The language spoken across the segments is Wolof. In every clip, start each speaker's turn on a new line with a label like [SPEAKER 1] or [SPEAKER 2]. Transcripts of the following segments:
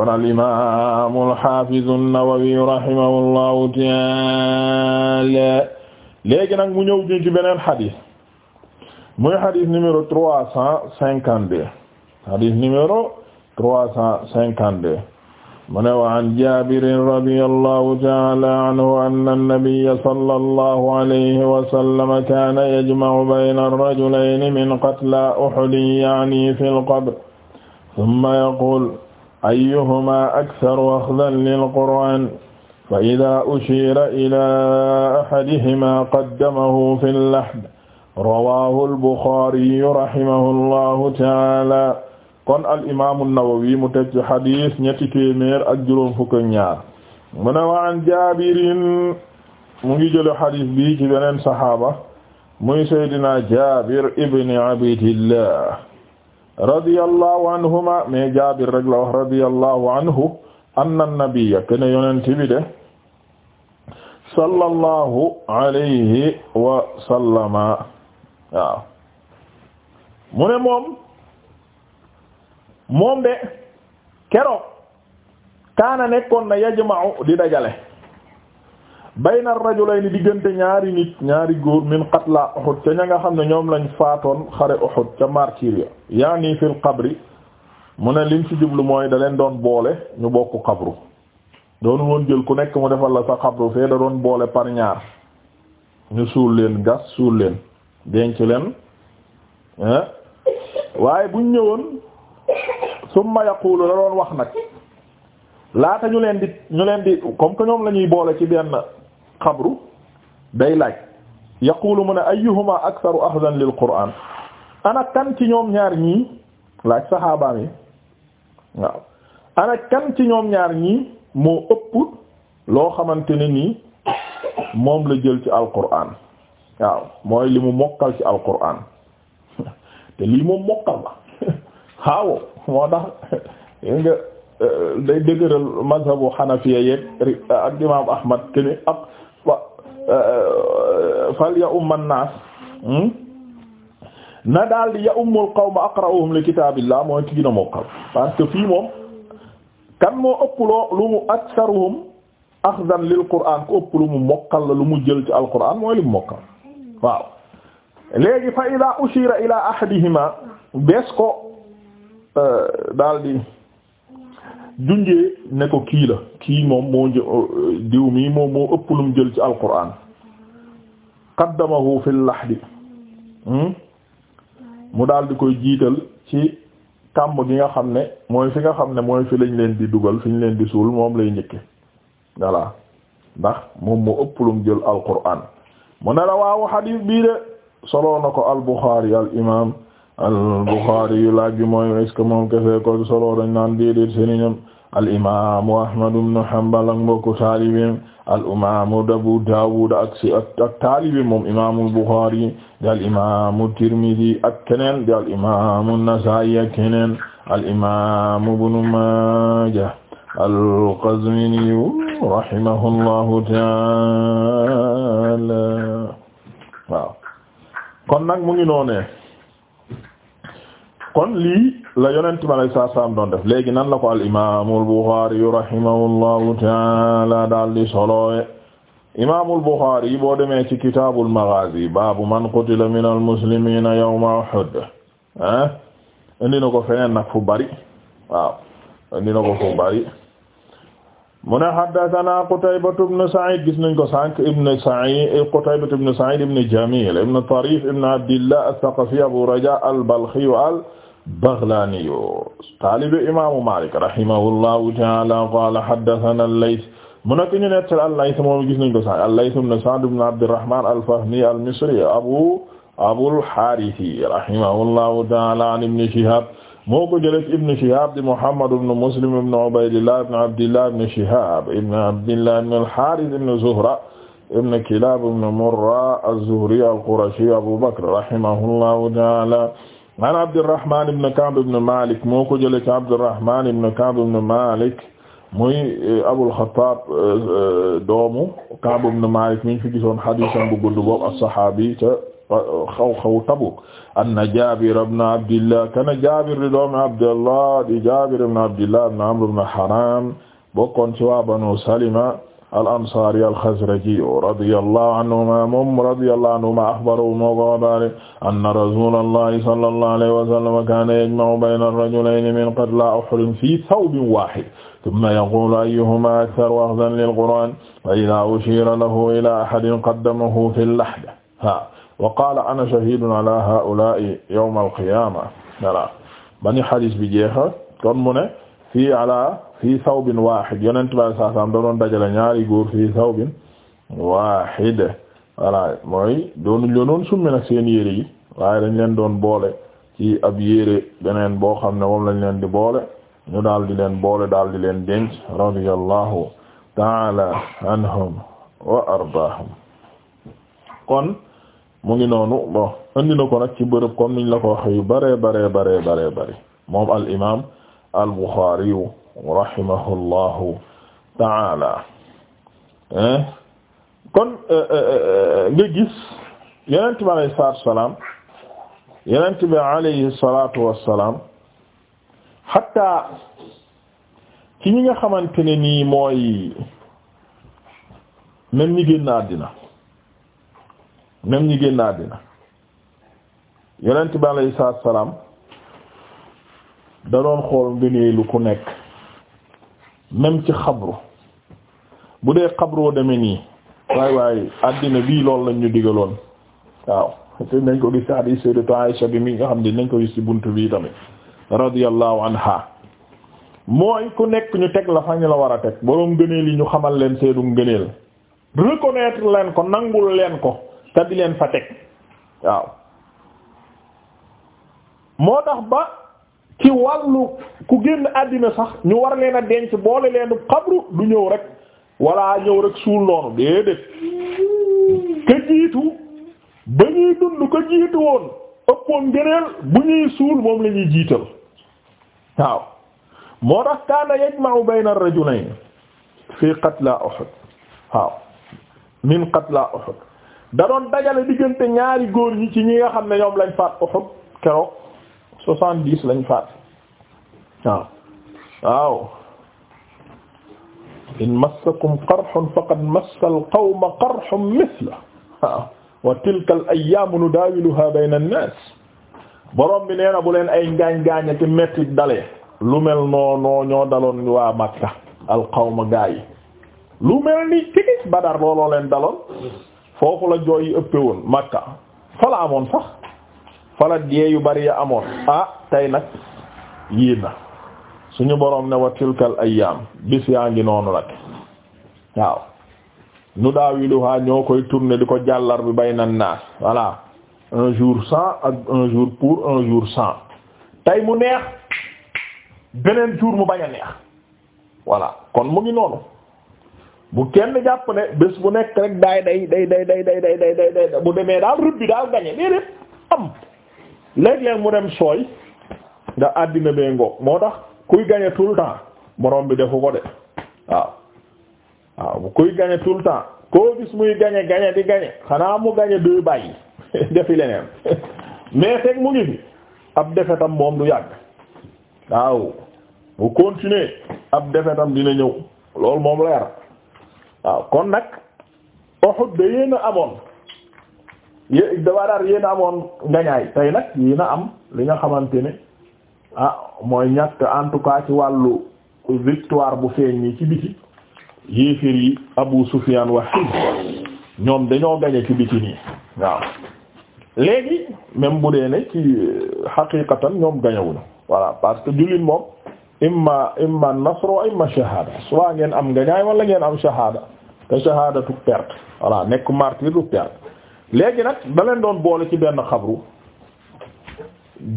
[SPEAKER 1] kon al imaam al haafiz an-Nawawi rahimahullahu ta'ala léegi nag mu ñëw ñu ci beneen xadis muy xadis numéro trois cent cinquante deux xadis numéro trois cent cinquante deux mu ne wa an Jaabir radiyallahu ta'ala anhu anna an-nabiyya sallallahu alayhi wa sallam kaana yajma'u bayna ar-rajulayni min qatla Uhud ya'ni fil qabr thumma yaqulu ayyuhuma aksaru axdan lilqur'aan fa idaa ushiira ilaa axadihimaa qaddamahu fi llahd rawaahu albuxaariyu rahimahu llahu taala kon al'imaamu nawawi mu teg ci xadis ñetti téeméer ak juróom fukk ak ñaar mu ne wa an jaabirin mu ngi jële xadis bii ci beneen saxaaba muy saydina jaabir ibni abdillah radiyallahu anhuma mais Jaabir rek la wax radiyallahu anhu anna nabiyya kana yonent bi de sallallahu alayhi wa sallama waaw mu ne moom moom de keroog kaana nekkoon na yajma'u di dajale bayna rajulayni diggante ñaari nit ñaari góor min qatla Uhud ca ña nga xam ne ñoom lañu faatoon xare Uhud ca martyr ya yaani fil qabri mu ne liñ ci jublu mooy da leen doon boole ñu bokk xabru doon woon jël ku nekk mu defal la sa xabru fee da doon boole par ñaar ñu suul leen gas suul leen denc leen waaye buñ ñëwoon summa yaqulu la doon wax nag laata ñu leen di ñu leen di comme que ñoom la ñuy boole ci benn xabru day laaj yaqulu mu ne ayyuhuma aktharu ahzan lil qur'an ana kan ci ñoom ñaar ñii laaj saxaabaam yi waaw ana kan ci ñoom ñaar ñii moo ëpp loo xamante ne nii moom la jël ci alquran waaw mooy li mu mokkal ci alquran te lii moom mokkal la waaw moo tax nga euh, dëgëral mazhabu xanafiya yeeg ak imam ahmad kene ak fal ya umman naas hmm? na daal di ya ummul qawma aqra'uhum li kitaabillah mooy ki gën a mokkal parce que fii moom kan moo ëpp loo lu mu aksaruhum axdan lil qur'aan ku ëpp lu mu mokkal la lu mu jël ci alqur'aan mooy li mu mokkal waaw léegi fa idaa ushira ila ahadihima bees ko euh, daal di junjee ne ko kii la kii moom moo euh, diw mii moom moo ëpp lu mu jël ci alquran qaddamahu fil lahdi hmm? mu daal di koy jiital ci kàmb gi nga xam ne mooy fi nga xam ne mooy fi lañ leen di dugal fi ñu leen di suul moom lay njëkke voilà ndax moom moo ëpp lu mu jël alquran mu ne la waawu xadiis bii de soloo na ko al Buxaari al imaam al-Bukhari yu laaj bi mooy est moom kese ko solo dañ naan déedéet seeni al-imaamu Ahmad ibn Hanbal ak mbokku al-imaamu Abu Daawud ak si ak taalibe moom imaamu al-Bukhari al-imaamu ak keneen di al-imaamu Nasaa'i ak keneen al-imaamu Ibnu Maaja al-Qazwini rahimahullahu ta'ala kon nag mu ngi noonee kon lii la yonent bi alayhi salaatu salaam doon def léegi nan la ko al imaamul Buxaari rahimahullahu taala daal di soloowe imaamul Buxaari boo demee ci kitaabul maghaazi baabu man qutila minal muslimiina yawma Uhud ah indi na ko feneen nag fu bari waaw indi na ko fu bari mu ne haddathana Qutaybatu ibn Sa'id gis nañ ko sànq ibn Sa'id Qutaybatu ibn Sa'id ibn Jamil ibn Tarif ibn Abdillah ath-Thaqafi Abu Raja al-Balkhi al-Baghlani taalibe imaamu Malik rahimahullahu ta'ala qala haddathana al-Layth mu nekk ñu nettal al-Layth moom gis nañ ko sànq al-Layth ibn Sa'd ibn Abdirrahman al-Fahmi al-Misri Abu Abul Harithi rahimahullahu ta'ala an Ibn Shihab moo ko jëlee ci ibn Shihab di Muhammad ibn Muslim ibn Ubaydillah ibn Abdillah ibn Shihab ibn Abdillah ibn al-Harith ibn Zuhra ibn Kilab ibn Murra az-Zuhri al-Qurashi Abu Bakr rahimahullahu ta'ala an Abdurrahman ibn Ka'b ibn Malik moo ko jëlee ci Abdurrahman ibn Ka'b ibn Malik muy eh, Abul Khattab eh, eh, doomu Ka'b ibn Malik mi fi gisoon hadiisam bu gudd boobu as-sahabi xaw-xaw Tabuk anna Jaabir ibn Abdillah kana Jaabir di doomi Abdillah di Jaabir ibn Abdillah ibn Amr ibn Haram bokkoon ci waa Banu Salima al-Ansaari al-Xasraji radiyallahu anhuma moom radiyallahu anhuma axbarahu moo ko xabaare anna rasuulallahi sallallahu alayhi wa sallam kaana yajma'u bayna ar-rajulayni min qatla Uhud fii thawbin waahid thumma yaquulu ayyuhumaa aktharu axzan lil-Qur'aan fa idhaa ushiira lahu ilaa ahadin qaddamahu fil lahda wa qaala ana shahidun ala haa'ulaa'i yawma al bani xadis bi jeexa kon mu ne fii ala fii thawbin waahid yonent bi saa saam da doon dajale ñaari góor fii thawbin waahid voilà mooy doon doon summi nag seen yére yi waaye dañ leen doon boole ci ab yére beneen boo xam ne moom lañ leen di boole ñu daal di leen boole daal di leen denc radiyallahu ta'ala anhum wa ardaahum kon mu ngi noonu bon andi na ko nag ci bërëb comme niñ la ko wax yu bare bare bare bare bare moom al imaam al Buxaari rahimahullahu taala eh? kon eh, eh, nga gis yonent bi alayhi salaatu wassalaam yonent bi alayhi salaatu wassalaam hatta ci ñi nga xamante ne nii mooy même ñi génn àddina même ñi génn àddina yonent bi alayhi salaatu salaam da doon xool ngëneelu ku nekk même ci xabru bu dee xabroo demee nii waay waay àddina bii loolu lañ ñu digaloon waaw te nañ ko gis ci hadith sayyidatu Aisha bi mi nga xam ne nañ ko gis ci bunt bii tamit radiyallahu anha mooy ku nekk ñu teg la fa ñu la war a teg boroom ngëneel yi ñu xamal leen seenu ngëneel reconnaître leen ko nangul leen ko te di leen fa teg waaw moo tax ba ci wàllu ku génn àddina sax ñu war leen a denc boole leen xabru du ñëw rek walla ñëw rek suul noonu déedéet ka jiitu ba ñuy dund ka jiitu woon ëppoon ngëneel bu ñuy suul moom la jiital waaw moo tax kaana yajma'u bayna ar fi qatla Uhud waaw min qatla Uhud da doon dajale diggante ñaari góor ñi ci ñi nga xam ne ñoom lañ faat Uhud keroog soixante dix lañ faat waaw waaw in massakum qarhun faqad massa al qawma qarhun wa tilka al ayyamu nudawiluha bayna an nas borom bi nee na bu leen ay ngaañ-ngaaña te metti dalee lu mel noo noo ñoo daloon waa Makka al qawma gaa lu mel ni ci Badar looloo leen daloon foofu la jooy yi ëppe woon Makka fa la amoon sax fa la dee yu bari ya amoon ah tey nag yii na suñu boroom ne wa tilkal ayyaam bis yaa ngi noonu nag waaw nu daawiluha ñoo koy tourner di ko jàllar bi bay nan naas voilà un jour sans ak un jour pour un jour sans tey mu neex beneen jour mu bañ a neex voilà kon mu ngi noonu bu kenn jàpp ne bés bu nekk rek daay day day day day day day day day day bu demee daal rëbb bi daal gañe déedéet am léeg-léeg mu dem sooy nga àddina bee ngoog moo tax kuy gañe tout le temps borom bi defu ko de waaw waaw bu kuy gañe tout le temps koo gis muy gañe gañe di gañe xanaa mu gañe deux bàyyi defi leneen mais fekk mu ngi fi ab defetam moom du yàgg waaw bu continuer ab defetam dina ñëw loolu moom leer waaw kon nag Uhud da yéen amoon yé dafa dar yéen amoon ngañaay tey nag yéen a am li nga xamante ne ah mooy ñàkk en tout cas ci wàllu victoire bu feeñ nii ci biti yéeféer yi Abu Sufyan wa ñoom dañoo gañe ci biti nii waaw léegi même bu dee ne ci xaqiqatan ñoom gañewuñu voilà parce que jullit moom imma imma nasr imma shahada soit ngeen am nga ñaay wala ngeen am shahada te shahada tu perte voilà nekk martyr du perte léegi nag daleen doon boole ci benn xabru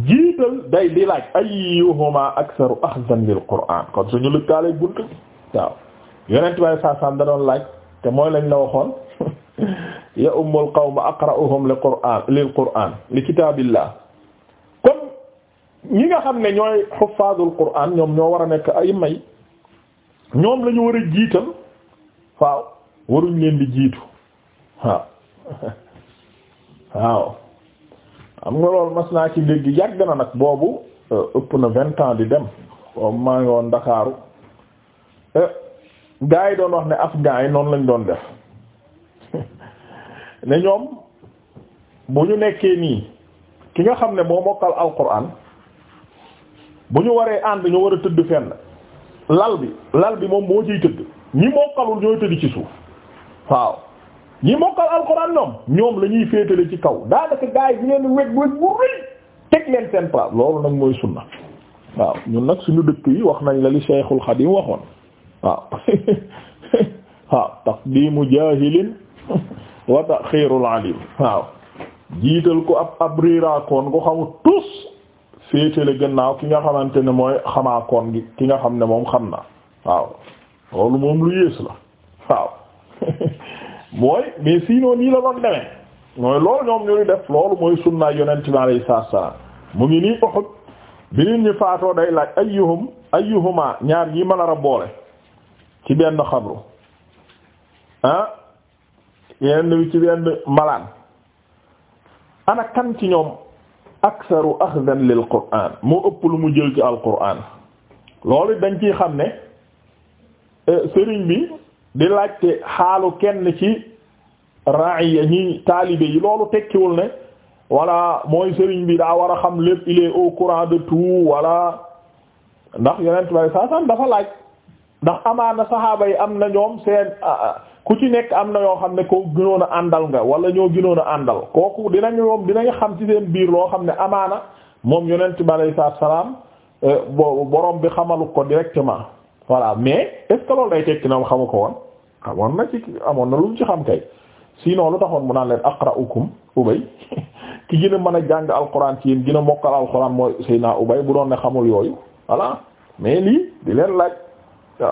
[SPEAKER 1] jiital day di laaj ayyuhuma aktharu akhdhan lil qur'an kon suñu lëkkaale bunt waaw yonent saasaan da doon laaj te mooy lañ la waxoon ya ummul qawma aqra'uhum lil qur'an lil qur'an li kitaabillah ñi nga xam ne ñooy xufaadul quraan ñoom ñoo war a nekk ay may ñoom lañu war a jiital waaw waruñ leen di jiitu waaw waaw am nga loolu mas naa ci dégg yàgg na nag boobu euh, ëpp na vingt ans di dem maa ngi woon Ndakaaru euh, gaa yi doon wax ne afghan yi noonu lañu doon def ne ñoom bu ñu nekkee nii ki nga xam ne moo mokkal alquran bu ñu waree ànd ñu war a tëdd fenn lal bi lal bi moom moo ciy tëdd ñi mokkalul ñooy tëdd ci suuf waaw ñi mokkal alxuraan ñoom ñoom la féetale ci kaw daanaka gaa yi ñu leen wet wet bu rëy teg leen seen place loolu nag mooy sunna waaw ñun nag suñu dëkk yi wax nañ la li Cheikhul Xadim waxoon waaw waaw taqdimu jaahilin wa taxiirul alim waaw jiital ko ab ab riiraakoon ko xamul tus féetale gannaaw ki nga xamante ne mooy xamaakoon gi ki nga xam ne moom xam na waaw loolu moom lu yées la waaw mooy mais sinon nii la doon mooy loolu ñoom ñu def loolu mooy salaam mu ngi nii Uhud bi nit ñi faatoo day laaj ayyuhum ayyuhuma ñaar yi ma nar a boole ci benn xabru ah yenn bi ci benn malaan a kan ci ñoom aksaru axdan lil qur'an moo ëpp lu mu jël ci alqur'an loolu dañ ciy xam ne euh, sëriñ bi di laajte xaalu kenn ci ra'iya ñi taalibe yi loolu tekkiwul ne voilà mooy sëriñ bi daa war a xam lépp il au courant de tout voilà ndax yeneen tubaab yi saa dafa laaj ndax amaana saxaaba yi am na ñoom seen ku ci nekk am na yoo xam ne koo gënoon a àndal nga wala ñoo gënoon a àndal kooku dinañu moom dinañu xam ci seen biir loo xam ne amaana moom yonent bi alayhi salaam euh, boroom bi xamalu ko directement voilà mais est day tekki na mu xamu ko woon xamoon na ci amoon na lu mu ci xam kay sinon lu taxoon mu naan leen aqra'ukum ubay ki gën a mën a jàng alquran ci yéen gën a mokkal alquran mooy naa ubay bu doon ne xamul yooyu voilà mais lii di leen laaj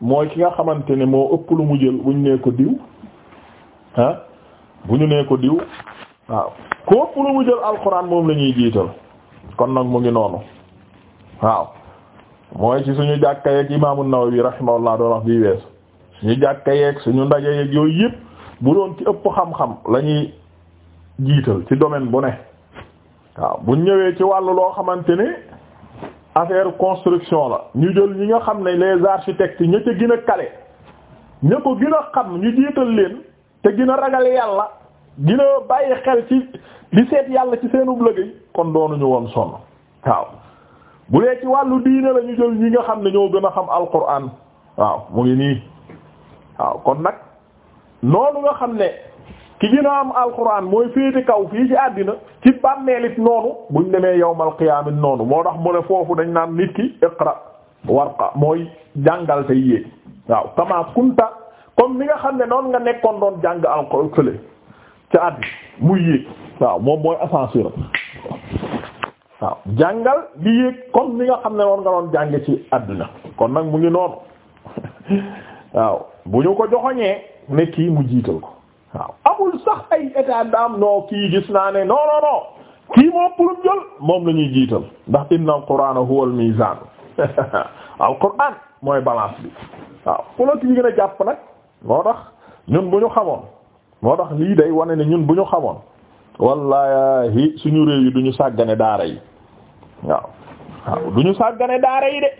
[SPEAKER 1] mooy ki nga xamante ne moo ëpp lu mu jël bu ñu nee ko diw ah bu ñu nee ko diw waaw ku ëpp lu mu jël alxuraan moom la ñuy jiital kon nag mu ngi noonu waaw mooy ci suñu jàkka yeeg imaamu Nawawi rahimahullah doon wax bii wees suñu jàkka yeeg suñu ndaje yeeg yooyu yëpp bu doon ci ëpp xam-xam la jiital ci domaine bu ne waaw bu ñëwee ci wàllu loo xamante ne affaire construction la ñu jël ñi nga xam ne les architectes ña ca gën a kale ña ko gën xam ñu jiital leen te gina a ragal yàlla gën bàyyi xel ci li seet yàlla ci seen liggéey kon doonuñu woon sonn waaw bu dee ci wàllu diine la ñu jël ñi nga xam ne ñoo gën a xam alquran waaw mu ngi nii waaw kon nag noonu nga xam ne. ki gën am alquran mooy féete kaw fii ci àddina ci bàmmeelit noonu buñ demee yawmal qiyaamit noonu moo tax mu ne foofu dañ naan nit ki iqra warqa mooy jàngal te yéeg waaw kama kunta comme ni nga xam ne noonu nga nekkoon doon jàng alquran fële ca àddina muy yéeg waaw moom mooy ascenseur waaw jàngal di yéeg comme ni nga xam ne noonu nga doon jàng ci àddina kon nag mu ngi noonu waaw bu ñu ko joxoñee ne mu jiital ko waaw amul sax ay état d'âme non kii gis naa ne non kii moom pour jël moom la ñuy jiital ndax inna al-qur'ana huwa al-mizan al-qur'an mooy balance bi waaw ku la kii gën a jàpp nag moo tax ñun bu ñu xamoon moo tax lii day wane ne ñun bu ñu xamoon wallahi suñu réew yi du ñu sàggane daara yi waaw waaw du sàggane daara yi de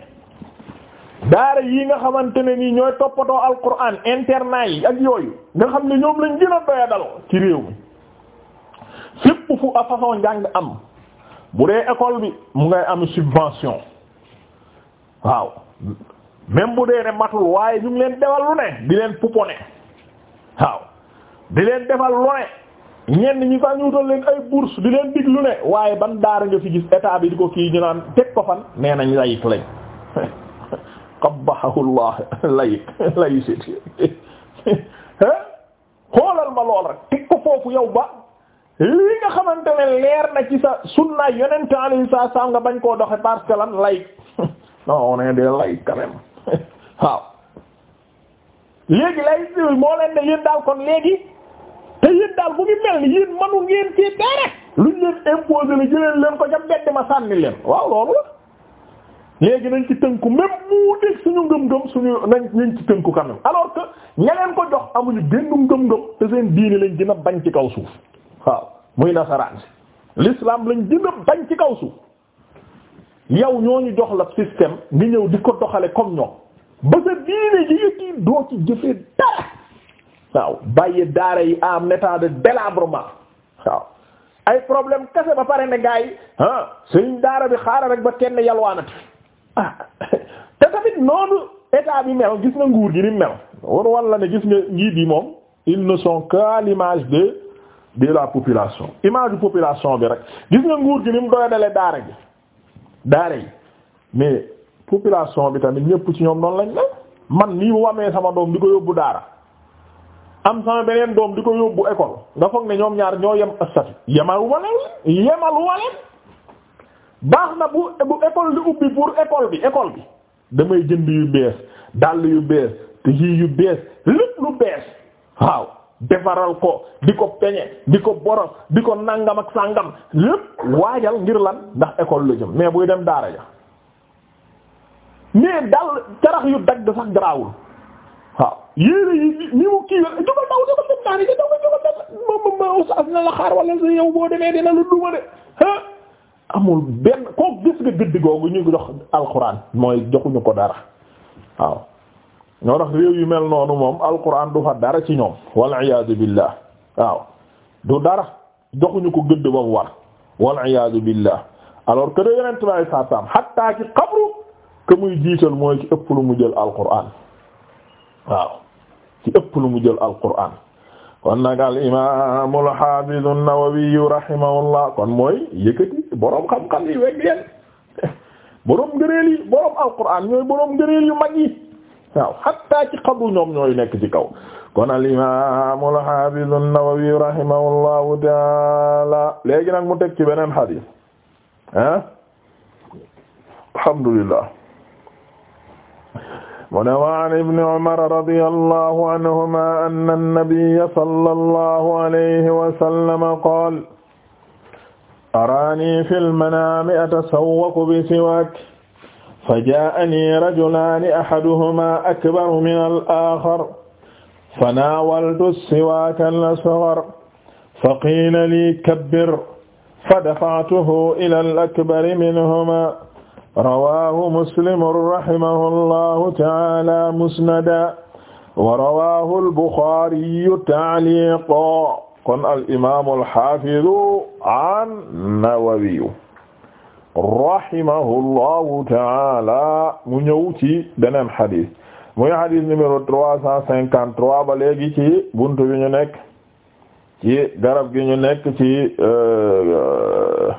[SPEAKER 1] daara yii nga xamante ne nii ñooy toppatoo alquran internat yi ak yooyu nga xam ne ñoom lañ gën a doya ci réew mi fépp fu a façon njàng am bu dee école bi mu ngay am subvention waaw même bu dee ne matul waaye ñu leen defal lu ne di leen pouponné waaw di leen defal lu ne ñenn ñi sax ñu wutal leen ay bourse di leen dig ne waaye ban daara nga fi gis état bi di ko kii ñu naan teg ko fan nee nañ layit lañ qabbahahu llah lay lay sit xoolal ma lool rek teg ko foofu yow ba li nga xamante ne leer na ci sa sunna yonent alayhi salaam nga bañ koo doxe parce que lan lay non on est des lay quand même waaw léegi lay moo leen ne yéen daal kon léegi te yéen daal bu ngi mel ni yéen manu ngeen ci dara luñ leen imposer la jëleen leen ko ca mbedd ma sànni leen waaw loolu la léegi nañ ci tënku même mu dégg suñu ngëm-ngëm suñu nañ ci tënku kanam alors que ña ko jox amuñu benn ngëm-ngëm te seen diini lañ gën a bañ ci kaw suuf waaw muy nasaraan si lañ gën a bañ ci kaw suuf yow ñooñu jox la système ngi ñëw di ko doxale comme ñoom ba sa diine ji yëkkii doo ci jëfee dara waaw bàyyi daara yi en état de délabrement waaw ay problème kese ba pare ne gaa yi ah daara bi xaaral rek ba kenn yalwaanati ah te tamit noonu état bi mel gis na nguur gi ni mel war walla ne gis nga njiit yi moom ils ne sont qu'à l'image de de la population image population bi rek gis nga nguur gi ni mu doyadale daara gi daara yi mais population bi tamit ñëpp ci ñoom noonu lañ la man nii bu amee sama doom di ko yóbbu daara am sama beneen doom di ko yóbbu école nga foog ne ñoom ñaar ñoo yem statut yemal wala yemal wala baax na bu bu école di ubbi pour école bi école bi damay jënd yu bees dàll yu bees tëjee yu bees lépp lu bees waaw defaral ko di ko peñe di ko boros di ko nangam ak sàngam lépp waajal ngir lan ndax école lu jëm mais buy dem daara ja mais dal carax yu dagg sax garaawul waaw yéene yi ni mu kii wala jógal daw jógal dem na lu duma de amul benn koo gis nga gëdd googu ñu jox alquran mooy joxuñu ko dara waaw ñoo tax réew yu mel noonu moom alquran du fa dara ci ñoom wal iyaadu billah waaw du dara joxuñu ko gëdd ba mu war wal iyaadu billah alors que da yonent baay saa saam xattaa ci xabru que muy jiital mooy ci ëpp lu mu jël alquran waaw ci ëpp lu mu jël alquran kon nag al imaam al haafiz an-Nawawi rahimahullah kon mooy yëkkati borom xam-xam yi wegg leen borom ngëneel yi borom alquran ñooy borom ngëneel yu mag yi waaw hatta ci xabru ñoom ñooy nekk ci kaw kon al imaam al haafiz an-Nawawi rahimahullahu taala léegi nag mu teg ci beneen hadith alhamdulillah mu ne wa an ibni umar radiyallahu anhuma anna annabiyya sallallahu alayhi wa sallam qaala araanii fil manaami atasawwaku bisiwaak fajaa'anii rajulaani ahaduhumaa akbaru minal aaxar fanaawaltu siwaakal asghar faqiila lii kabbir fadafa'tuhu ilal akbari minhumaa rawaahu muslimun rahimahullahu ta'aala musnadan wa rawaahu al-Buxaariyu ta'liiqan kon al-imaamu al-haafidu an-Nawawi rahimahullahu ta'aala mu ñëw ci beneen xadis muy xadis numéro trois cent cinquante-trois ba léegi ci buntu bi ñu nekk ci garab gi ñu nekk ci euh,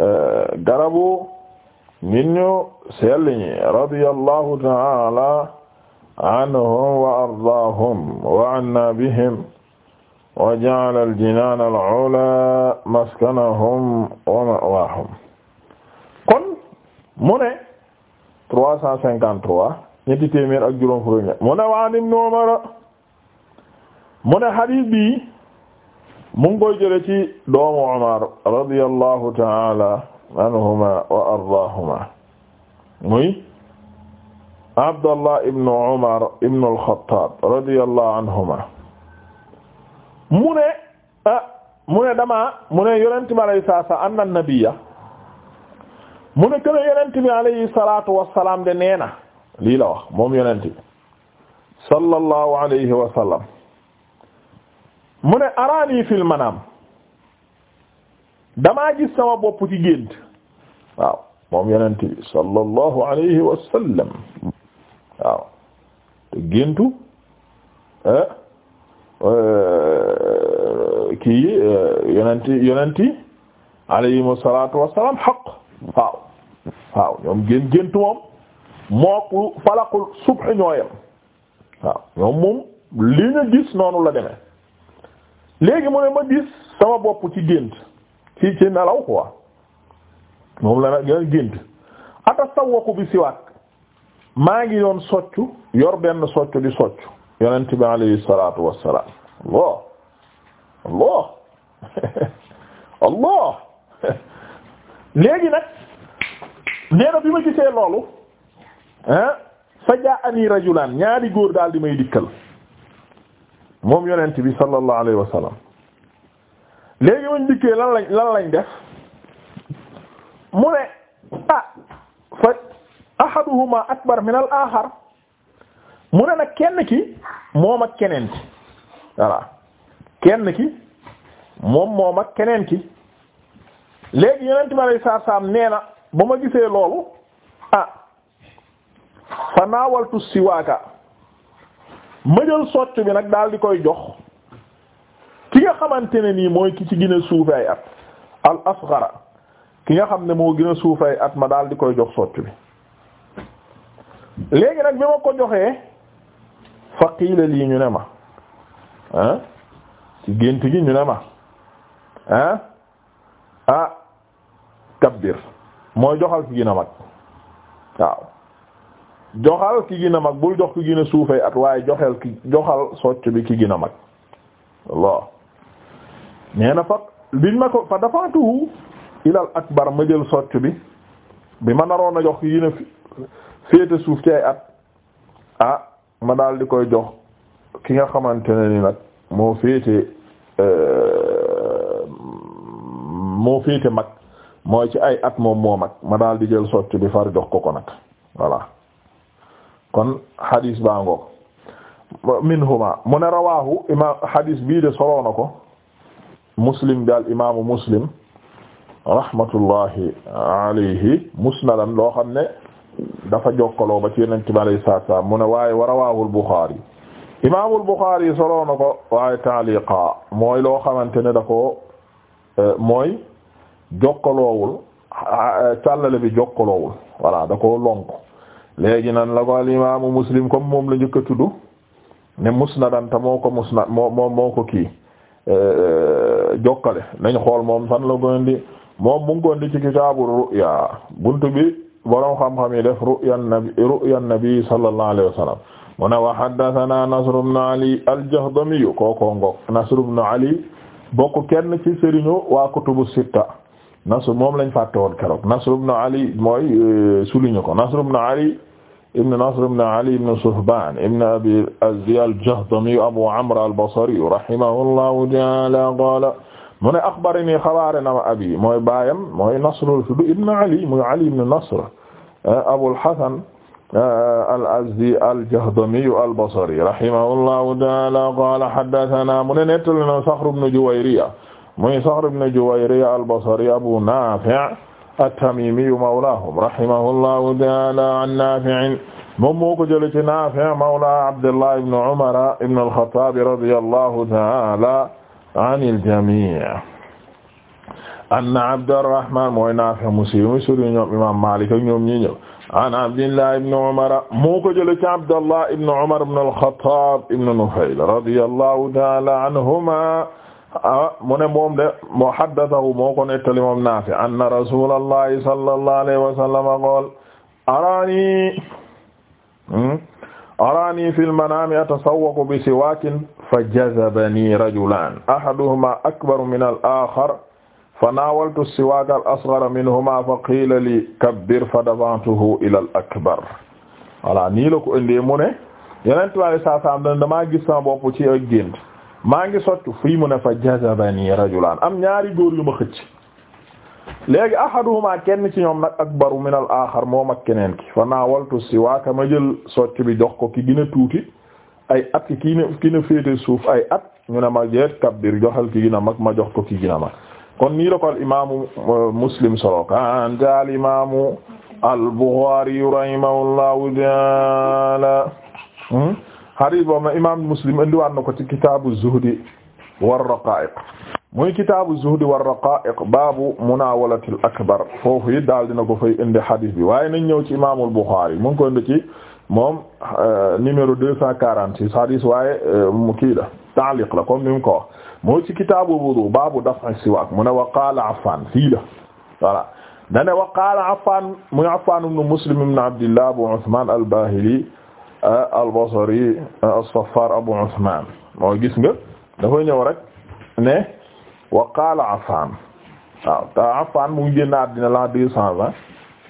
[SPEAKER 1] euh, garabu. nit ñu sell ñi radiyallahu ta'ala anhum wa ardaahum wa anna bihim wa ja'ala al-jinaan al-'ulaa maskanahum wa ma'waahum kon mu ne trois cent cinquante-trois ñetti téeméer ak juróom fukk mu ne wa an Ibn Umar mu ne hadiis bi mu ngi koy jële ci doomu Umar radiyallahu ta'ala anhuma wa ardaahuma muy Abdallah ibnu Umar ibnu al-Khattab radiyallahu anhuma mu ne ah mu ne damaa mu ne yonent bi alayhi salaatu wa salaam anna nabiyya mu ne kene yonent bi alayhi salaatu wa salaam de nee na lii la wax moom yonent bi sallallahu alayhi wa sallam mu ne araani fil manaam damaa gis sama boppu ci gént waaw moom yonent bi sallallahu alayhi wa sallam waaw géntu eh, eh, kii eh, yonent yonent alayhimu salaatu wa salaam xaq waaw waaw ñoom géntu moom mooku falaqul subh ñooyam waaw ñoom moom li ñu gis noonu la demee léegi mu ne ma gis sama bopp ci gént ci ci nelaw quoi moom la nag yooyu gént atastawwaku bi siwaak maa ngi doon soccu yor benn soccu di soccu yonent bi alayhi salaatu wassalaam allah allah allah léegi nag nee na bi ma gisee loolu hein fa jaa'ani rajulaan ñaari góor daal di may dikkal moom yonent bi sallallahu alayhi wasallam léegi mañ dikkee lan lañ lan lañ def mu ne ah fa ahaduhuma akbar min al mu ne nag kenn ki moom ak keneen ki voilà kenn ki moom moom ak keneen ki léegi yeneen ma lay saar saam nee na ba ma gisee loolu ah fa naawaltu siwaaka ma jël socc bi nag daal di koy jox ki nga xamante ne nii mooy ki ci gën a at al asghara ki nga xam ne moo gën a suufe at ma daal di koy jox soccu bi léegi nag bi ma ko joxee fa qiila lii ñu ne ma ah ci gi ñu ne ma ah ah kabbir mooy joxal ki gën a mag waaw joxal ki gën a mag bul jox ki gën a at waaye joxel ki joxal socc bi ki gën a mag waaw nee na fa biñ ma ko fa dafatuhu ilal akbar ma jël socc bi bi ma naroon a jox yi ne ah ma daal koy jox ki nga xamante ne ni nag moo féete euh, moo féete mag mooy ci ay at moom moo mag ma daal di jël socc bi far jox ko ko nag voilà kon hadis baa ngoog minhuma mu ne rawaahu ima hadis bii de soloona ko muslim bi al imaamu muslim rahmatullahi alayhi musnadan loo xam ne dafa jokkaloo ba ci yonent bi alayhi salaatu salaam mu ne waaye wa rawaahul Buxaari imaamul Buxaari soloo ko waaye taaliqa mooy loo xamante ne da ko eh, mooy jokkaloowul eh, càllale bi jokkaloowul voilà da ko lonk léegi nan la al imaamu muslim comme moom la njëkk a tudd ne musnadan ta moo ko musnad moo ko kii Euh, jokkale nañ xool moom fan la goon di moom mu ngi di ci kitaabu ru'ya buntu bi borom xam-xam yi def ru'ya nabi ru'ya nabi sallallahu alayhi wa sallam mu ne wa haddathana Ali al-Jahdami kookoo ngok Nasr Ali bokk kenn ci sëriñu waa kutubu sitta Nasr moom lañ fàtte woon keroog Nasr ibn Ali mooy euh, souligné ko Nasr Ali ibn Nasr ibn Ali ibn Suhban ibn Abi Azzi al-Jahdami Abu Amr al-Basri rahimahullahu ta'ala qala mu ne akhbarani xabaare na ma abi mooy baayam mooy Nasr tudd ibn Ali mooy Ali ibn Nasr eh, Abul Hasan eh, al-Azzi al-Jahdami al-Basri rahimahullahu ta'ala qala haddathana mu ne nettali na Saxr ibn Juwayriya mooy Saxr ibn Juwayriya al-Basri Abu Nafi' at-Tamimiyu mawlaahum rahimahullahu ta'aala an Naafi'in moom moo ko jëlee ci Naafi' mawla Abdullah ibn Umar ibn al-Khattab radiyallahu ta'aala anil jamii' anna Abdurrahman mooy Naafi' musiri musiri ñoom imaam Maalik ak ñoom ñi ñëw an Abdullah ibn Umar moo ko jëlee ci Abdullah ibn Umar ibn al-Khattab ibn Nufayl radiyallahu ta'aala anhumaa Ah, mu ne moom de moo haddathahu moo ko nettali moom Naafi anna rasulallahi sallallahu alayhi wa sallam qaala araani hmm? araani fil manaami atasawwaqu bi siwaakin fa jazabani rajulaan ahaduhumaa akbaru minal aaxar fa naawaltu siwaaka al-asghara minhumaa fa qiila lii kabbir fa dafa'tuhu ilal akbar voilà nii la ko indee mu ne ci ak maa ngi soccu fii mu ne fa jazabani rajulan am ñaari góor yu ma xëcc léegi ahaduhuma kenn ci ñoom nag akbaru min al axar moom ak keneen ki fa naawaltu siwaaka ma jël soccu bi jox ko ki gën a tuuti ay at ki na ki suuf ay at ñu ne ma jeet kabbir joxal ki gën mag ma jox ko ki gën mag kon nii la ko al imaamu euh, muslim solo kan al imaamu al buxaari rahimahullahu taala hmm? xadis boobu nag imaam Muslim indiwaat na ko ci kitaabu zuhdi war raqaa'iq muy kitaabu zuhdi war raqaa'iq baabu munaawalatil akbar foofu it daal dina ko fay indi xadis bi waaye nañ ñëw ci imaamul Buxaari mu ngi ko indi ci moom euh, numéro deux cent quarante six xadis waaye euh, mu kii la taaliq la comme ni mu ko wax moo ci kitaabu wudu baabu daf'i siwaak mu ne wa qaala Affaan fii la voilà dane wa qaala Affaan muy Affaan ibnu Muslim ibnu Abdillah Abu Usmaan al-Baahili al-Basri as-Saffar Abu Usman mooy gis nga dafa ñëw rek ne wa qaala Affan waaw te Affan mu génn àddina la deux cent vingt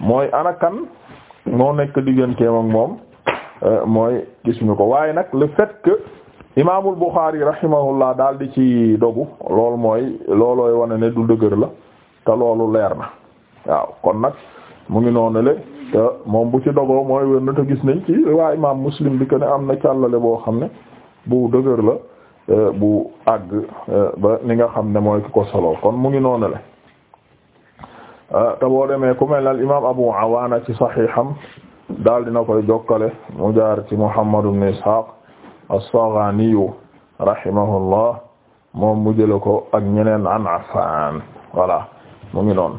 [SPEAKER 1] mooy ana kan moo nekk digganteem ak moom euh, mooy gis ñu ko waaye nag le fait que imaamul Bukhari rahimahullah daal di ci dogu loolu mooy loolooy wane ne du dëgër la te loolu leer na waaw kon nag mu ngi noonu le te moom bu ci dogoo mooy wér na te gis nañ ci waa imaam muslim bi que am na càllale boo xam ne bu dëgër la euh, bu àgg euh, ba ni nga xam ne mooy ki ko solo kon mu ngi noonu le euh, te boo demee ku mel ne al imaam Abu Awaana ci saxiixam daal dina koy jokkale mu jaar ci Muhammad ibn Ishaaq as-Saghaaniyu rahimahullah moom mu jële ko ak ñeneen an Affaan mu ngi noon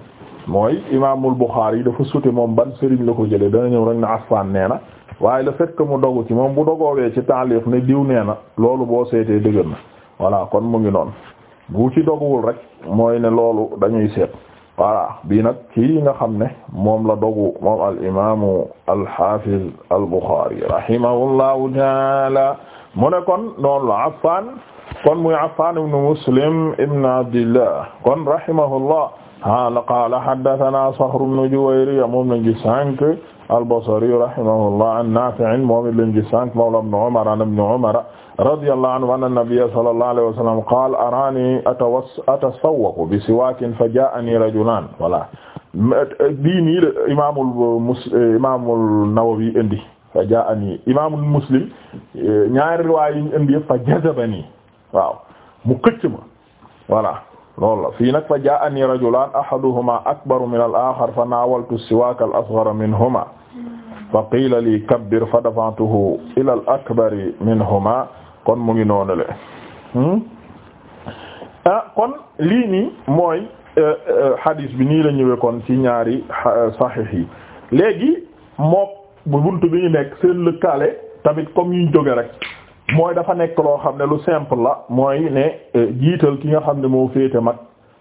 [SPEAKER 1] mooy imaamul Buxaari yi dafa sute moom ban sëriñ la ko jëlee dana ñëw rek na Affaan nee na waaye le fait mu dogu ci moom bu dogoowee ci taalif ne diw nee na loolu boo seetee dëgër na voilà kon mu ngi noon bu ci doguwul rek mooy ne loolu dañuy seet voilà bii nag kii nga xam ne moom la dogu moom al imaamu al xaafiz al mu ne kon noonu la Affaan kon muy Affaan ibn Muslim ibn Abdillah kon rahimahullah qaala qaala haddathana Saxr ibn Juwayriya moom lañ gis sànq al-Basri rahimahullah an Naafi' moom it lañ gis sànq mawla ibn Umar an ibn Umar radiyallahu anhu anna nabiyya sallallahu alayhi wa sallam qaala araani atasawwaku bi siwaakin fajaa'anii rajulaan voilà bii nii la imaamul mus imaamul Nawawi indi fajaa'anii imaamul Muslim ñaari riwaaya yi ñu indi yëpp fajazabanii waaw mu këcc ma voilà. loolu la fii nag fa jaa'anii rajulaan ahaduhumaa akbaru minal aaxar fa naawaltu siwaaka al-asghara minhumaa fa qiila lii kabbir fa dafa'tuhu ilal akbari minhumaa kon mu ngi noonu le hmm? ah kon lii nii mooy hadis eh, eh, bi nii la ñëwee kon ci ñaari eh, saxiix yi léegi mook bu bi ñu nekk seen lëkkaale tamit comme ñu jóge rek. mooy dafa nekk loo xam ne lu simple la mooy ne eh, jiital ki nga xam ne moo féete mag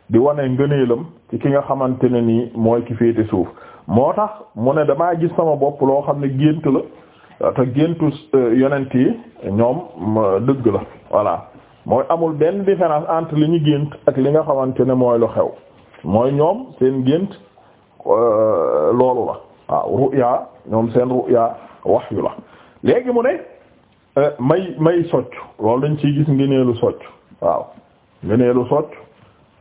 [SPEAKER 1] di wane ngëneelam ci ki nga xamante ne nii mooy ki féete suuf moo tax mu ne damaa gis sama bopp loo xam ne gént la te géntu eh, yonent yi ñoom dëgg la voilà mooy amul benn différence entre li ñu gént ak li nga xamante ne mooy lu xew mooy ñoom seen gént eh, loolu la waaw ru'ya ñoom seen ru'ya wahyu la léegi mu ne Eh, may may socc loolu dañ ci gis ngëneelu socc waaw ngëneelu socc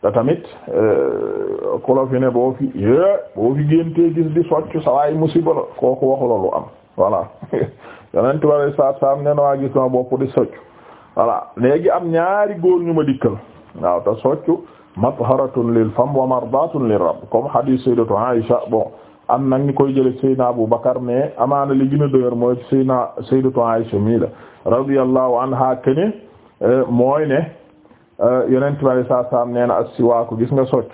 [SPEAKER 1] te tamit eh, ku la fi ne boo fi eh, boo fi géntee gis di socc sa waay musiba la kooku waxu lu am voilà yeneen tubaab yi saab saab na waa gis ma bopp di socc voilà léegi am ñaari góor ñu ma dikkal waaw te socc matharatun lil fam wa mardatun lir rabb comme hadith sayyidatu Aisha bon. am nag ñu koy jële Seydina Abu Bakar mais amaana li gën a dëgër mooy Seydina Sayyidatu Aisha mi la radiyallahu anha kene euh, mooy ne euh, yonent bi alayhi salaatu salaam nee na as-siwaaku gis nga socc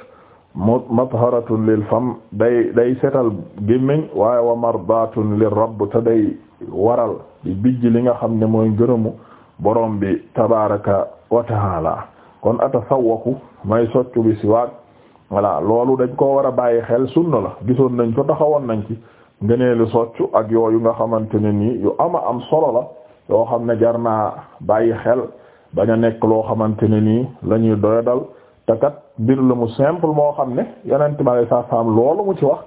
[SPEAKER 1] mu matharatun lil fam day setal gémmiñ waaye wa mardatun lir rabb te day waral di bijj li nga xam ne mooy ngërëmu borom bi tabaraka wa taala kon atasawwaku may soccu bi siwaak voilà loolu dañ koo war a bàyyi xel sunna la gisoon nañ ko taxawoon nañ ci ngëneelu soccu ak yooyu nga xamante ne nii yu ama am solo la yoo xam ne jar naa bàyyi xel bañ a nekk loo xamante ne nii lañuy ñuy doyadal te mbir la mu simple moo xam ne yeneen ma saa saam loolu mu ci wax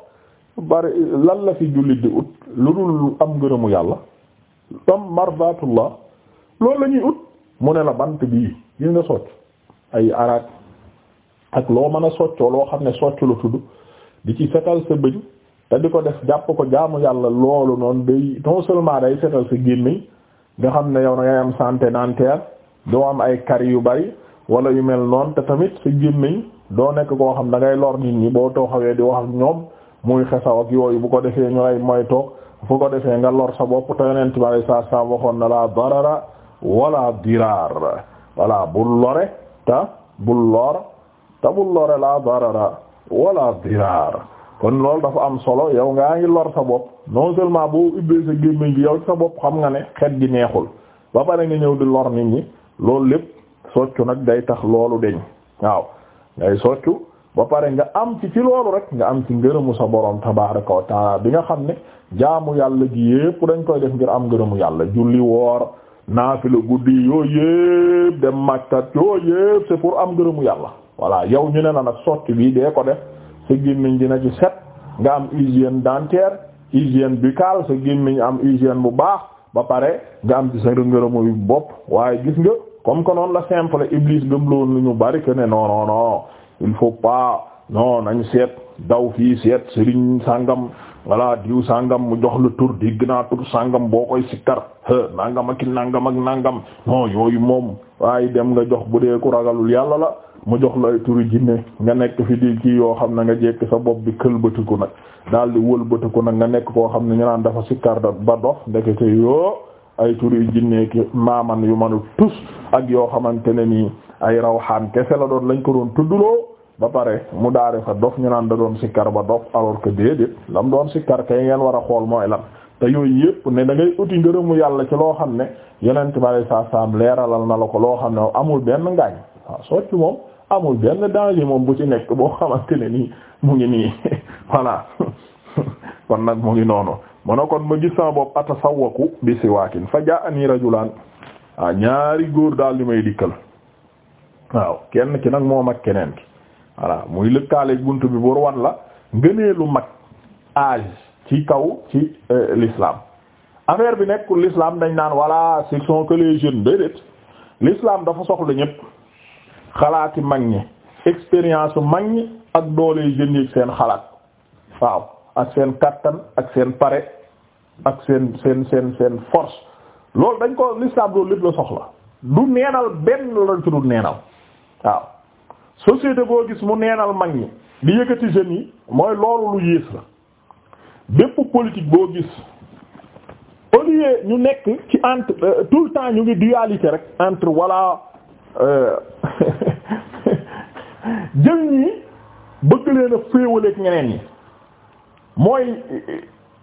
[SPEAKER 1] bari lan la fi jullit di ut lu dul am ngërëmu yàlla tam mardatullah loolu la ñuy ut mu ne la bant bii gis nga soccu ay araak ak loo mën a soccoo loo xam ne soccu la tudd di ci setal sa bëñ te di ko def jàpp ko jaamu yàlla loolu noonu day non maa day setal sa gémmiñ nga xam ne yow na ngay am santé dentaire doo am ay caries yu bari wala yu mel noonu te tamit sa gémmiñ doo nekk koo xam da ngay lor nit ñi boo tooxawee di wax ak ñoom muy xesaw ak yooyu bu ko defee ñu lay mooy toog fu ko defee nga lor sa bopp te yonent bi alay saa saa waxoon na laa darara wala diraar wala bul lore tabul lore la darara wala dirar kon loolu dafa am solo yow ngaa ngi lor sa bopp non seulement boo ubbee sa gémmiñ gi yow sa bopp xam nga ne xet gi neexul ba pare nga ñëw di lor nit ñi loolu lépp soccu nag day tax loolu deñ waaw ngay soccu ba pare nga am ci ci loolu rek nga am ci ngërëmu sa borom tabaaraka ko taa bi nga xam ne jaamu yàlla gi yépp dañ koy def ngir am ngërëmu yàlla julli woor naafila guddi yooyu yépp dem màkkat yooyu yépp c'est pour am ngërëmu yàlla voilà yow ñu ne la nag sotti bi dee ko def sa gémmiñ dina ci set nga am hygiène dentaire bi kaal sa gémmiñ am hygiène bu baax ba pare nga am ci sa rëngërëmu bopp waaye gis nga comme que noonu la simple Iblis gëmloon lu ñu bari que ne non non il faut pas non nañ seet daw fii seet sëriñ sàngam wala diw sangam mu jox la tur digg naa tur sangam boo koy sikkar nangam ak nangam ak nangam non yooyu moom waaye dem nga jox bu dee ku ragalul yàlla la mu jox la ay turi jinne nga nekk fi di kii yoo xam ne nga jekk sa bopp bi këlbatiku nag daal di wëlbatiku nag nga nekk koo xam ne ñu naan dafa sikkar da ba dof ndekete yoo ay turi jinne ki maaman yu manu tus ak yoo xamante ne nii ay rawxaan kese la doon lañ ko doon tudduloo ba pare mu daare fa dof ñu naan da doon sikkar ba dof alors que déedéet lam doon sikkar kay ngeen war a xool mooy lan te yooyu yëpp ne da ngay uti ngërëmu yàlla ci loo xam ne yenent bari saa saam leeralal na la ko loo xam ne amul benn ngaañ waaw socc moom amul benn danger moom bu ci nekk boo xamante ne nii mu ngi nii voilà kon nag mu ngi noonu mu ne kon ma gis sama bopp atasawaku bi siwaakin fa jaa ani rajulaan ñaari góor daal li may dikkal waaw kenn ki nag moo mag keneen ki voilà muy lëkkaaleeg bunt bi bor wan la lu mag âge ci kaw ci euh, lislaam affaire bi nekkul lislaam dañ naan voilà ce sont que les jeunes déedéet l'islam dafa soxla ñëpp xalaati mag ñi expérience mag ñi ak doole jeunes yi seen xalaat waaw ak seen kattan ak seen pare ak seen seen seen seen force loolu dañ ko l'islam loolu lépp la soxla du neenal benn la ci du neenal waaw société boo gis mu neenal mag ñi di yëkkati jeunes yi mooy loolu lu yées la bépp politique boo gis au lieu ñu nekk ci entre euh, tout le temps ñu ngi dualité rek entre wala euh, jël ñi bëgg leen a féewaleeg ñeneen ñi mooy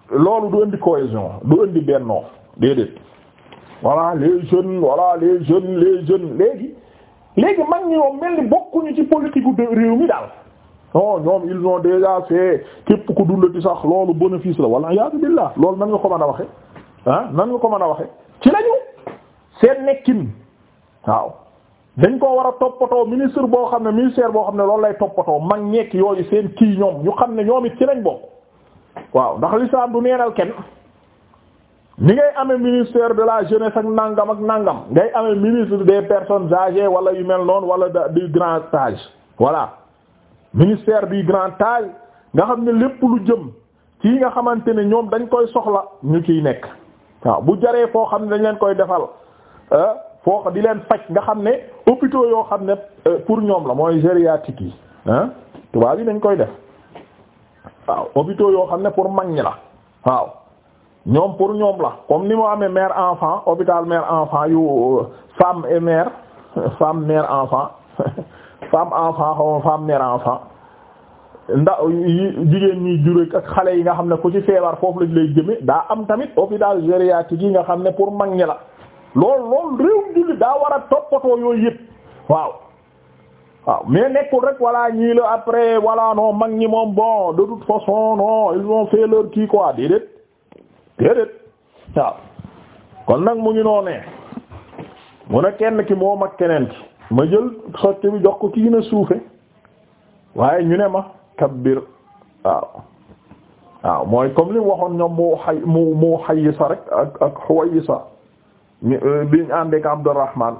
[SPEAKER 1] loolu du indi cohésion du indi bennoo déedéet voilà les jeunes voilà les jeunes les jeunes léegi léegi mag ñi moom mel ni bokkuñu ci politique gu réew mi daal non ñoom ils ont déjà fait képp ku dundati sax loolu bénéfice la wala yaa billah loolu nan nga ko mën a waxe ah nan nga ko mën a waxe ci lañu seen nekkin waaw dañ koo war a toppatoo ministre boo xam ne ministère boo xam ne loolu lay toppatoo mag ñekk yooyu seen kii ñoom ñu xam ne ñoom it ci lañ bokk waaw ndax l'islam du neenal kenn. ni ngay amee ministère de la jeunesse ak nangam ak nangam ngay amee ministre des personnes âgées wala yu mel noonu wala di grand âge voilà ministère du grand âge nga xam ne lépp lu jëm ci nga xamante ne ñoom dañ koy soxla ñu ciy nekk waaw bu jaree foo xam ne dañ leen koy defal euh, foo di leen faj nga xam ne hôpitaux yoo xam ne euh, pour ñoom la mooy gériatrique yi ah tubaab yi dañ koy def waaw hôpitaux yoo xam ne pour mag ñi la waaw. ñoom pour ñoom la comme ni moo amee mère enfant hôpital mère enfant yu euh, femme et mère femme mère enfant femme enfant xaw ma femme mère enfant ndax jigéen ñi jure ak xale yi nga xam ne ku ci feebar foofu lañ lay jëme daa am tamit hôpital gériatrique yi nga xam ne pour mag ñi la lool lool réew julli daa war a toppatoo yooyu yëpp waaw waaw mais nekkul rek voilà ñii la après voilà non mag ñi moom bon de toute façon non ils ont fait leur kii quoi déedéet déedéet waaw kon nag mu ngi noonee mu ne kenn ki moo mag keneen ki ma jël sotti bi jox ko ki gën a suufe waaye ñu ne ma kabbir waaw waaw mooy comme li waxoon ñoom mu xay mu mu xayisa rek ak ak xuwayisa euh, biñ àndeek Abdurrahman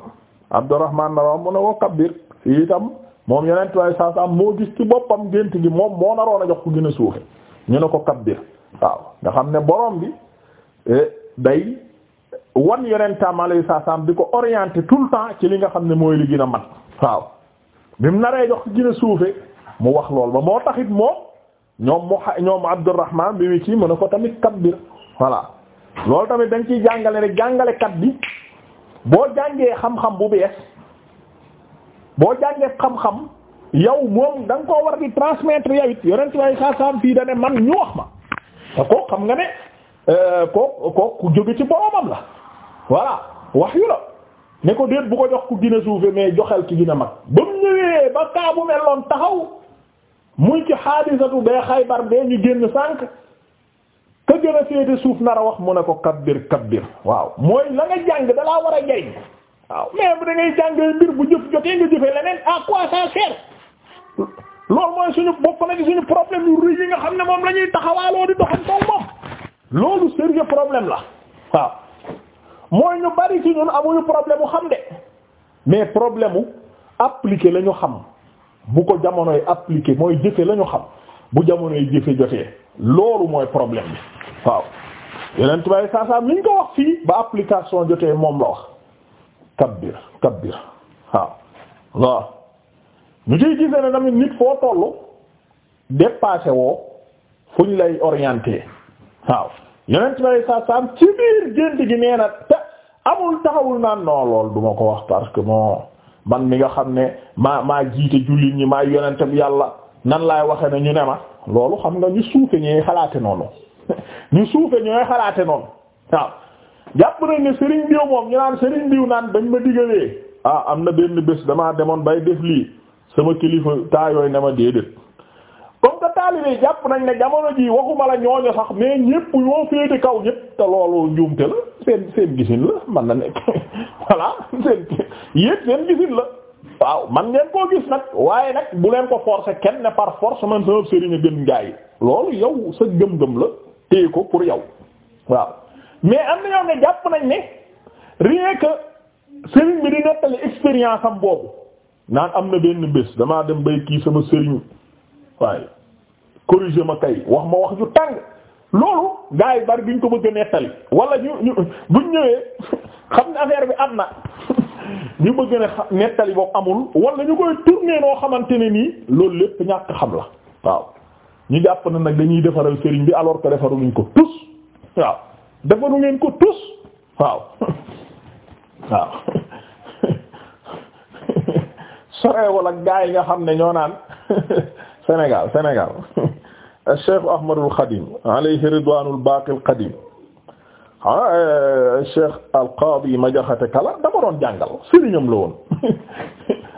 [SPEAKER 1] Abdurrahman na mu ne ko kabbir fii itam moom yeneen tubaab yi saa saa moo gis ci boppam gént gi moom moo naroon a jox ko gën a suufe ñu ne ko kabbir waaw nga xam ne borom bi eh, day wan yonentam alayhi salaam di ko orienté tout le temps ci li nga xam ne mooy li gën a mat waaw bi mu naree jox gën a suufe mu wax lool ba moo taxit moom ñoom mu xa ñoom Abdurrahman bi wi ci mën a ko tamit kabbir voilà loolu tamit dañ ciy jàngale ne jàngalekat bi boo jàngee xam-xam bu bees boo jàngee xam-xam yow moom da koo war di transmettre yow it yonent bi alayhi fii da man ñu wax ma te kooku xam nga ne euh, kooku kooku ku jóge ci boromam la voilà wahyu la ne ko déet bu ko jox ku gën a suufe mais joxel ki gën a mag ba mu ñëwee ba kaa bu taxaw muy ci xaadisatu bee Xaybar bee ñu génn sànq ka gën a suuf nar a wax mu ne ko kabbir kabbir waaw mooy la nga jàng dalaa war a jariñ waaw mais bu da ngay jàng mbir bu jëf jotee nga jëfee leneen à quoi ça loolu mooy suñu bokk na ci suñu problème yu rëy yi nga xam ne moom la ñuy taxawaaloo di doxantool moom loolu sérieux problème la waaw mooy ñu bari ci ñun amuñu problème xam de mais problème mu appliquer la xam bu ko jamonoy appliquer mooy jëfe la xam bu jamonoy jëfe jotee loolu problème bi waaw yeneen tubaab saa saa liñ ko wax fii ba application jotee moom la wax kabbir kabbir waaw waaw. ñu ciy tamit nit foo tollu dépassé woo fu ñu lay orienté waaw yeneen ci lay saa saam ci biir gént gi nee na te amul taxawul naan non lool duma ko wax parce que moo man mi nga xam ne ma ma jiite jullit ñi maa yonente bi yàlla nan laay waxe ne ñu ne ma loolu xam nga ñu suufe ñooy xalaate noonu ñu suufe ñooy xalaate noonu waaw jàpp nañ ne Serigne Diou moom ñu naan Serigne Diou naan dañ ma digalee ah am na benn bés damaa demoon bay def lii sama kilifa taa yooyu ne ma déedéet comme jàpp nañ ne jamono jii waxuma la ñooñu sax mais ñépp ñoo féete kaw ñépp te loolu njuumte la seen seen gisin la man na nekk voilà seen yéen seen gisin la waaw man ngeen koo gis nag waaye nag bu leen ko forcer kenn ne par force man sama sëriñ a gën gaa yi loolu yow sa gëm-gëm la téye ko pour yow waaw mais am na ñoo ne jàpp nañ ne rien que sëriñ bi di nettali expérience am boobu. naan am na benn bés damaa dem bay kii sama sëriñ waaye corrigé ma kay wax ma wax ju tàng loolu gars yi bari duñ ko bëgg a nettali wala ñu ñu buñ ñëwee xam ne affaire bi am na ñu bëgg ne nettali boobu amul wala ñu koy tourner noo xamante ne nii loolu lépp ñàkk xam la waaw ñu jàpp na nag dañuy defaral sëriñ bi alors que defaru luñ ko tus waaw defaru ngeen ko tus waaw waaw soreewul ak gaa yi nga xam ne ñoo naan Sénégal Sénégal Cheikh Ahmadul Xadim alayhi ridwaanul baaqil qadim ah Cheikh al Qaadi ma jaxate kala dama doon jàngal sëriñam la woon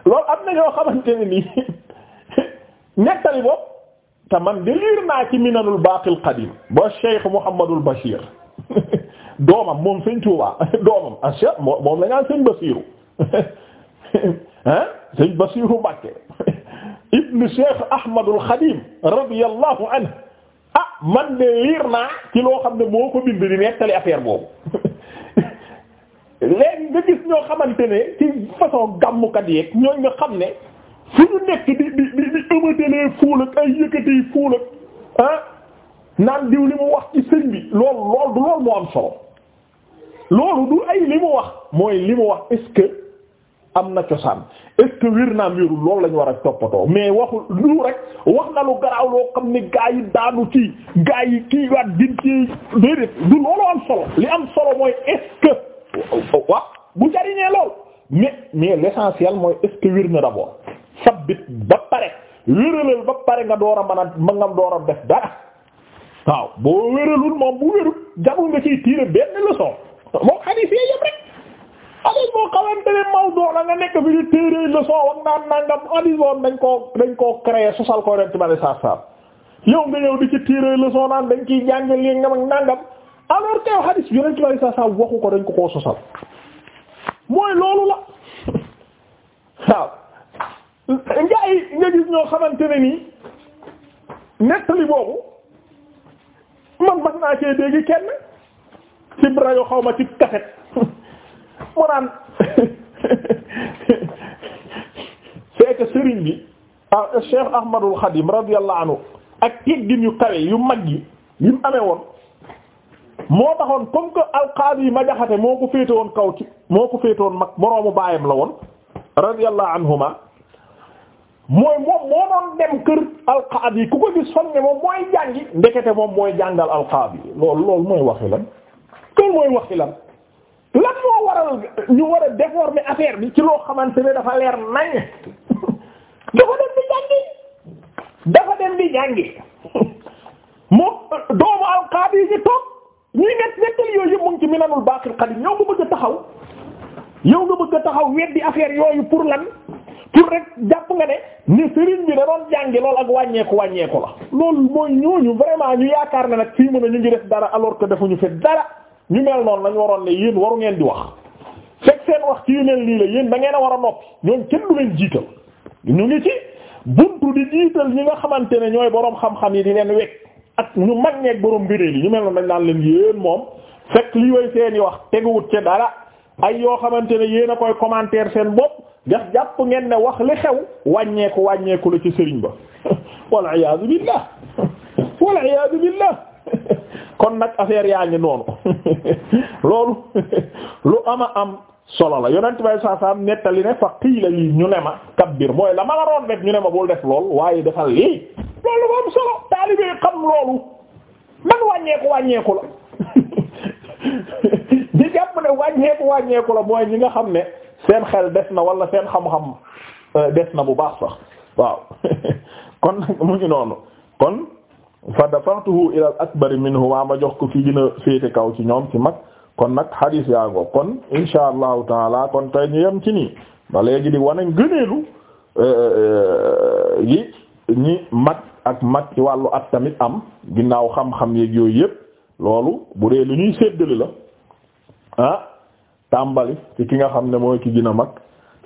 [SPEAKER 1] loolu am na ñoo xamante nii ñettali bopp te man di liir naa ci minanul baaqil qadim ba Cheikh Mouhamadul Bachir doomam moom sëñ Tuubaa doomam ah moom la ñu naan sëñ ah sëñ Basiiru Mbàkke ibnu Cheikh Ahmadul Xadim radiyallahu anhu ah man de liir naa ci loo xam ne moo ko bind di nettali affaire boobu léegi nga gis ñoo xamante ne ci façon gàmmukat yeeg ñooñ nga xam ne fu ñu nekk di di di di ëmatalee fuul ay yëkkatee fuul ah, naan diw li mu wax ci sëñ bi loolu loolu du loolu moo am solo loolu du ay li mu wax mooy li mu wax est am na cosaan est-ce que wér wérul loolu la war a toppatoo mais waxu lu rek wax na lu garaaw loo xam ne gaa yi daanu ci gaa yi kii waat din ci déedéet du loolu am solo li am solo mooy est-ce que waaw bu jariñee lool mais mais l'essentiel mooy est-ce que wér na ba pare wéralal ba pare nga door a mën a ma ngam door a def dara waaw boo wéralul moom bu wérul jagul nga ciy tiire benn leçon moom xadiis yee yëpp rek hadis boo xamante ne mawdu la nga nekk fi di téere leçon wax naan nangam hadis boobu dañ koo dañ koo créé sosal ko ren ci bari saaf saaf yow nga ñëw di ci téere leçon naan dañ ciy jàngal li nga mag nangam alors que hadis bi ren ci bari saaf waxu ko dañ ko koo sosal mooy loolu la waaw ngaa yi nga gis ñoo xamante nii nettali boobu man mas naa cee dégg kenn ci rajo xaw ma ci cassette. mu naan c'est que sëriñ bi ah Cheikh Ahmadul Khadim radiyallahu anhu ak teggin yu kawe yu mag yi yi mu amee woon moo taxoon comme que alqaadi ma jaxate moo ko féete woon kaw ci moo ko féete woon mag moroomu baayam la woon radiyallahu anhuma mooy moom moo doon dem kër alqaadi ku ko gis fan moom mooy jàngi ndekete moom mooy jàngal alqaadi loolu loolu mooy waxi lan mooy waxi lan moo waral ñu war a déformer affaire bi ci loo xamante ne dafa leer nañ dafa dem di jàngi dafa dem di jàngi moom doomu alqaadi yi ñu toog ñuy nekk nekkal yooyu yëpp mu ngi ci Minanul Baaqil Qadiim yow nga bëgg taxaw yow nga bëgg taxaw weddi affaire yooyu pour lan pour rek jàpp nga ne ni sëriñ bi da doon jàngi lool ak wàññeeku wàññeeku la. loolu mooy ñooñu vraiment ñu yaakaar na nag fii mu ne ñu ngi def dara alors que defuñu fi dara. ñu mel noonu lañ waroon ne yéen waru ngeen di wax fekk seen wax ci mel nii la yéen da ngeen a war a noppi ñoom kenn du leen jiital ñu ngi ci buntu di jiital ñi nga xamante ne ñooy boroom xam-xam yi di leen wekk ak ñu mag ñeeg boroom mbireel yi ñu mel noonu dañ daan leen yéen moom fekk li way seen i wax teguwut ci dara ay yoo xamante ne yéen a koy commentaire seen bopp ndax jàpp ngeen ne wax li xew wàññeeku wàññeeku la ci sëriñ ba wal iyaazu billah kon nag affaire yaa ngi noonu loolu lu ama am solo la yonent bay saa saa nettali ne fa la lii ñu ne ma biir mooy la ma la roon def ñu ne ma bul def lool waaye defal lii loolu ma solo taalibe xam loolu man wàññeeku wàññeeku la ñi jàpp ne wàññeeku wàññeeku la mooy ñi nga xam ne seen xel des na wala seen xam-xam euh, des na bu baax sax waaw kon nag mu ngi noonu kon fa dafa'tuhu ila al akbari minhuma ma jox ko ki gën a féete kaw ci ñoom ci mag kon nag hadis yaa ngo kon insha allahu taala kon tey ñu yem ci nii ba léegi di wane ngëneelu eh, eh, yi ñi mag ak mag ci wàllu at tamit am ginnaaw xam-xam yeeg yooyu yëpp loolu bu dee lu ñuy séddale la ah, tàmbali ci ki nga xam ne mooy ki gën a mag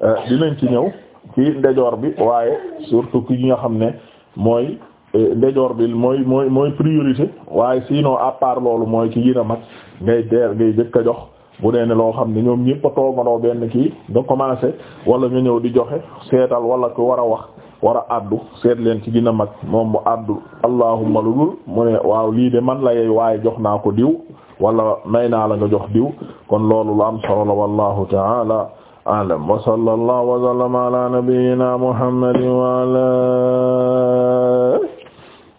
[SPEAKER 1] eh, dinañ ci ñëw ci ndejoor bi waaye surtout ki nga xam ne mooy Eh, ndejoor bi mooy mooy mooy priorité waaye sinon à loolu mooy ci gën a mag ngay teer ngay jëkk a jox bu dee ne loo xam ne ñoom ñëpp a toogandoo benn kii nga commencé wala nga ñëw di joxe seetal wala ko war a wax war a addu seet leen ci gën a mag moom mu addu allahumma lu dul mu ne waaw lii de man la yey waaye jox naa ko diw wala may naa la nga jox diw kon loolu lu am solo la wallahu ta'ala a'lam wa sallallahu wa sallama ala nabiyyina muhammadin wa ala